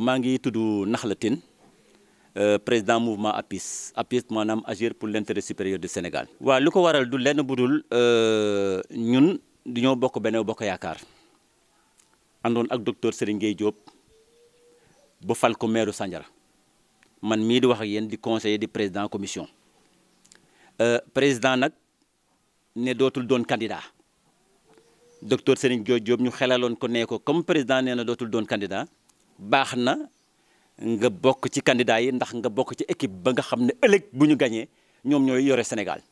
maa ngi tudd Nakhla Tine euh, président mouvement APIS APIS maanaam agir pour l'intérêt supérieur du Sénégal. waa lu ko waral du lenn budul euh, ñun dañoo bokk benn bokk yaakaar àndoon ak docteur Serigne Gueye Diop ba fal ko maire Sandiara man mii di wax ak yéen di conseiller di président commission euh, président nag ne dootul doon candidat. docteur Serigne Gueye Diop ñu xelaloon ko nee ko comme président nee na dootul doon candidat baax na nga bokk ci candidat yi ndax nga bokk ci équipe ba nga xam ne ëllëg bu ñu gañee ñoom ñooy yore Sénégal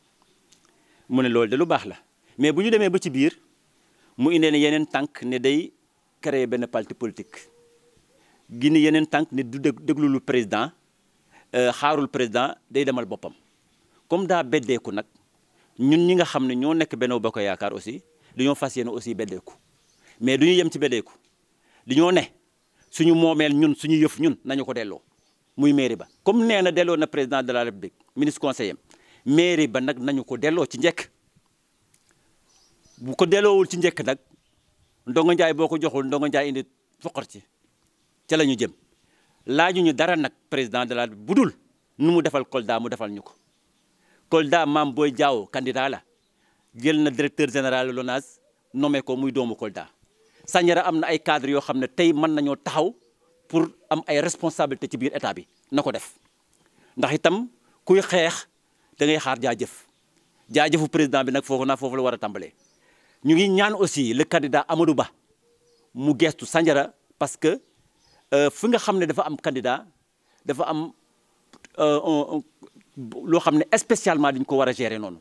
mu ne loolu de lu baax la mais bu ñu demee ba ci biir mu indee ne yeneen tànk ne day créer benn parti politique gi yeneen tànk ne du déglu lu président euh, xaarul président day demal boppam comme daa beddeeku nag ñun ñi nga xam ne ñoo nekk Benno Bokk Yaakaar aussi dañoo fas yéene aussi beddeeku mais du ñu yem ci beddeeku ñoo ne suñu moomeel ñun suñu yëf ñun nañu ko delloo muy mairie ba comme nee na delloo na président de la république ministre conseiller mairie ba nag nañu ko delloo ci njekk bu ko delloowul ci njëkk nag ndongo njaay boo ko joxul ndongo njaay indi foqar ci ca la ñu jëm laajuñu dara nag président de la bu dul nu mu defal Kolda mu defal ñu ko Kolda Mame booy Diao candidat la jël na directeur général LONASE nommé ko muy doomu Kolda Sandiara am na ay cadres yoo xam ne tey mën nañoo taxaw pour am ay responsabilité ci biir état bi na ko def ndax itam kuy xeex dangay xaar jaajëf jaajëfu président bi nag foofu naa foofu la war a tàmbalee. ñu ngi ñaan aussi le candidat Amadou Ba mu gestu Sandiara parce que euh, fi nga xam ne dafa am candidat dafa am euh, loo xam ne spécialement dañ ko war a gérer noonu.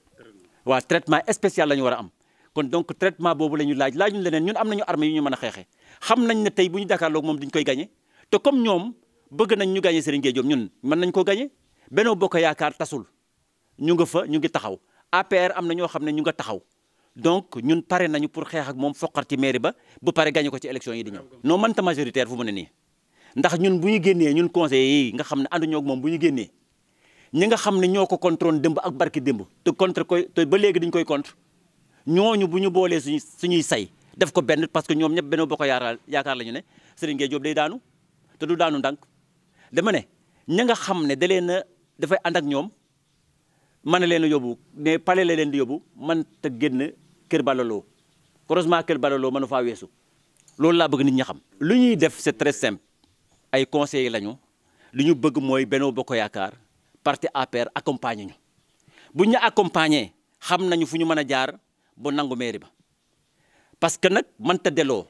waa traitement spécial lañu ñu war a am. kon donc traitement boobu la ñu laaj laaj ñu leneen ñun am nañu armée yu ñu mën a xeexee xam nañ ne tey bu ñu jàkkaarloo moom duñ koy gañe te comme ñoom bëgg nañ ñu gañe Serigne Gueye Diop ñun mën nañ ko gañe Benno Bokk Yaakaar tasul ñu nga fa ñu ngi taxaw APR am na ñoo xam ne ñu nga taxaw donc ñun pare nañu pour xeex ak moom foqar ci mairie ba bu pare gañe ko ci élection yi di ñëw non mënta majoritaire fu mu ne nii ndax ñun bu ñu génnee ñun conseil yi nga xam ne ànduñoo ak moom bu ñu génnee ñi nga xam ne ñoo ko contrôle démb ak barki demb te contre koy te ba léegi dañ koy contre ñooñu bu ñu boolee suñu suñuy say def ko benn parce que ñoom ñëpp benn bokk yaakaar yaakaar ne Serigne Gueye Diop day daanu te du daanu ndànk dama ne ña nga xam ne da leen a dafay ànd ak ñoom man na leen a yóbbu mais pale leen di yóbbu man te génn kër balaloo heureusement kër balaloo mënu faa weesu loolu laa bëgg ni ñaxam lu ñuy def c'est très simple ay conseillers lañu lu ñu bëgg mooy Benno Bokk Yaakaar parti APR accompagner ñu bu ñu accompagner xam nañu fu ñu mën a jaar bu nangu mairie ba parce que nag mënta delloo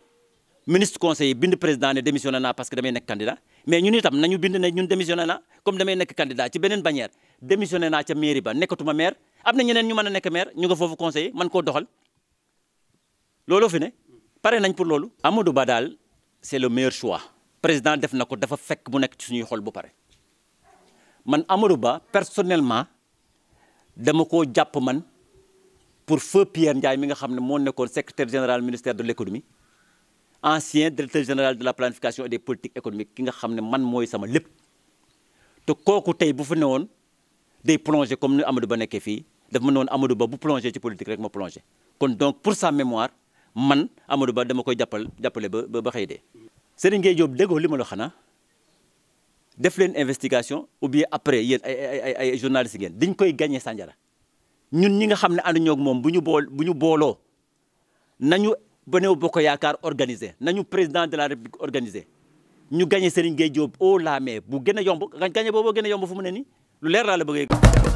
ministre conseil bind président ne démissionné naa parce que damay nekk candidat mais ñun itam nañu bind ne ñun démissionné naa comme damay nekk candidat ci beneen bannière démissionné naa ca mairie ba nekkatuma maire am na ñeneen ñu mën a nekk maire ñu nga foofu conseiller man koo doxal looloo fi ne pare nañ pour loolu. Amadou Ba daal c'est le maire choix président def na ko dafa fekk bu nekk ci suñuy xol bu pare man Amadou Ba personnellement dama koo jàpp man. pour feu Pierre Ndiaye mi nga xam ne moo nekkoon secrétaire général ministère de l' économie ancien directeur général de la planification et des politiques économiques ki nga xam ne man mooy sama lépp te kooku tey bu fa woon day plongé comme ni Amadou Ba nekkee fii dafa ma ne woon Amadou Ba bu plongé ci politique rek ma plongé kon donc pour sa mémoire man Amadou Ba dama koy jàppal jàppale ba ba xëy dee. Serigne Gueye Diop déggoo li ma xanaa def leen investigation ou après yéen ay ay ay journaliste ngeen koy gagné Sandiara. ñun ñi nga xam ne ànduñoo ñoog moom bu ñu bool bu ñu booloo nañu Benno Bokk Yaakaar organisé nañu président de la république organisé ñu gagné Serigne Gueye Diop au la mais bu gën a yomb gagné booboo gën a yomb fu mu ne nii lu leer laa la bëggee.